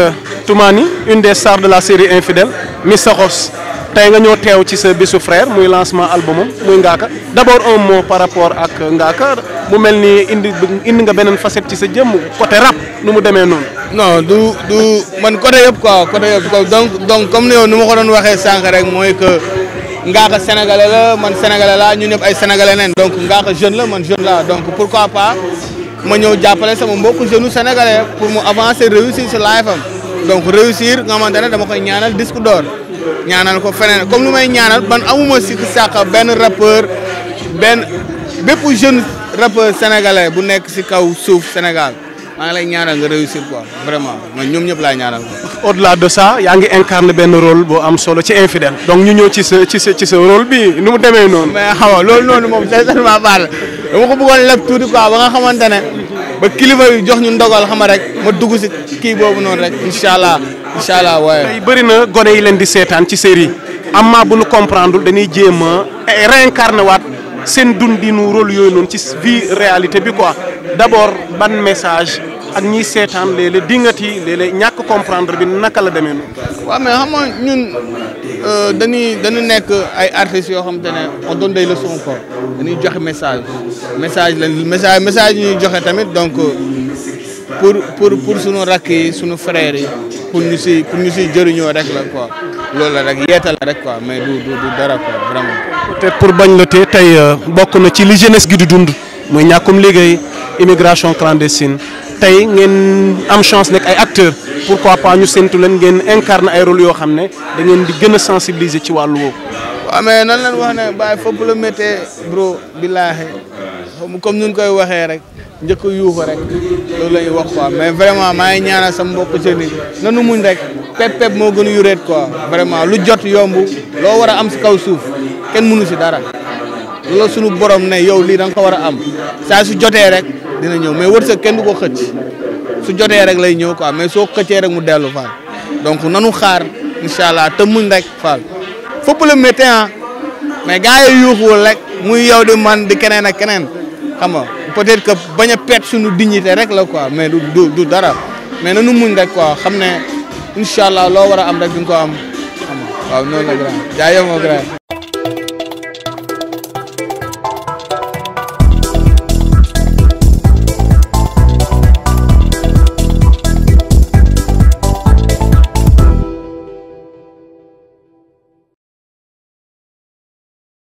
Euh, Toumani une des stars de la série Infidèle Miss Sakhos tey nga ñoo teew ci sa bisu frère muy lancement albumam muy Ngaaka d' abord un par rapport ak Ngaaka mu mel ni indi indi nga beneen facette ci sa jëmm côté rap nu mu demee noonu. non du du man côté yëpp quoi côté yëpp donc donc comme ni yow nu ma ko doon waxee sànq rek mooy que Ngaaka sénégalais la man sénégalais la ñu ñëpp ay sénégalais neen donc Ngaaka jeune la man jeune la donc pourquoi pas ma ñëw jàppale sama mbokku jeune donc réussir nga xamante ne dama koy ñaanal disque d'or ñaanal ko feneen comme lu may ñaanal man amuma sikk sàkka benn rappeur benn bépp jeune rappeur sénégalais bu nekk si kaw suuf senegal maa ngi ñaanal nga réussir quoi vraiment man ñoom ñëpp laay ñaanal ko. au delà de ça yaa ngi incarné benn rôle boo am solo ci infidèle donc ñu ñëw ci sa ci sa ci bi nu mu demee noonu. mais xaw ma loolu noonu moom sincèrement baax la dama ko leb tuuti quoi ba nga xamante ne. ba kilifa yi jox ñu ndogal xama rek ma dugg si kii boobu noonu rek incha allah incha allah waaye. tey bëri na gone yi leen di seetaan ci série amaa bu nu comprendre dañuy jéem a réincarné waat seen nu rôle yooyu noonu ci vie réalité bi quoi d' abord ban message. ak ñiy seetaan léeg-léeg dingat yi léeg-léeg ñàkk comprendre bi naka la demee noonu. waaw mais xam nga ñun euh, dañuy dañu nekk ay artistes yoo xam te ne on donne des leçons joxe message message la message message ñuy joxe tamit donc euh, pour pour pour suñu rakk yi suñu frères yi pour ñu si pour si jëriñoo rek la quoi loolu la rek yeeta la rek quoi mais du du dara quoi vraiment. peut pour bañ la te tey euh, bokk na ci li jeunesse gi di dund mooy ñàkkum liggéey. immigration clandestine tey ngeen am chance nekk ay acteurs pourquoi pas ñu séntu leen ngeen incarne ay rôle yoo xam ne da ngeen di gën a sensibiliser ci wàllu woowu. waaw mais nan leen wax ne bàyyi fopp la méttee bro billaahi comme nun koy waxee rek njëkk yuuxu rek loolu wax quoi mais vraiment maa ngi ñaanal sama mbokk jeunes yi nanu muñ rek pep moo gën a yureet quoi vraiment lu jot yomb loo war a am si kaw suuf kenn mënu si dara loolu sunu borom ne yow lii da nga ko war a am saa su jotee rek. dina ñëw mais wërsëg kenn du ko xëcc su jotee rek lay ñëw quoi mais soo xëccee rek mu dellu faal donc nanu xaar incha allah te muñ rek faal fëpp la métti ah, mais gars yi yuuxuwul rek muy yow di man di keneen ak keneen xam nga peut-être que bañ pet sunu dignité rek la quoi mais du du du dara mais nanu muñ rek quoi xam ne incha allah loo war a am rek di ko am xam nga waaw noonu la grand jaayoo moo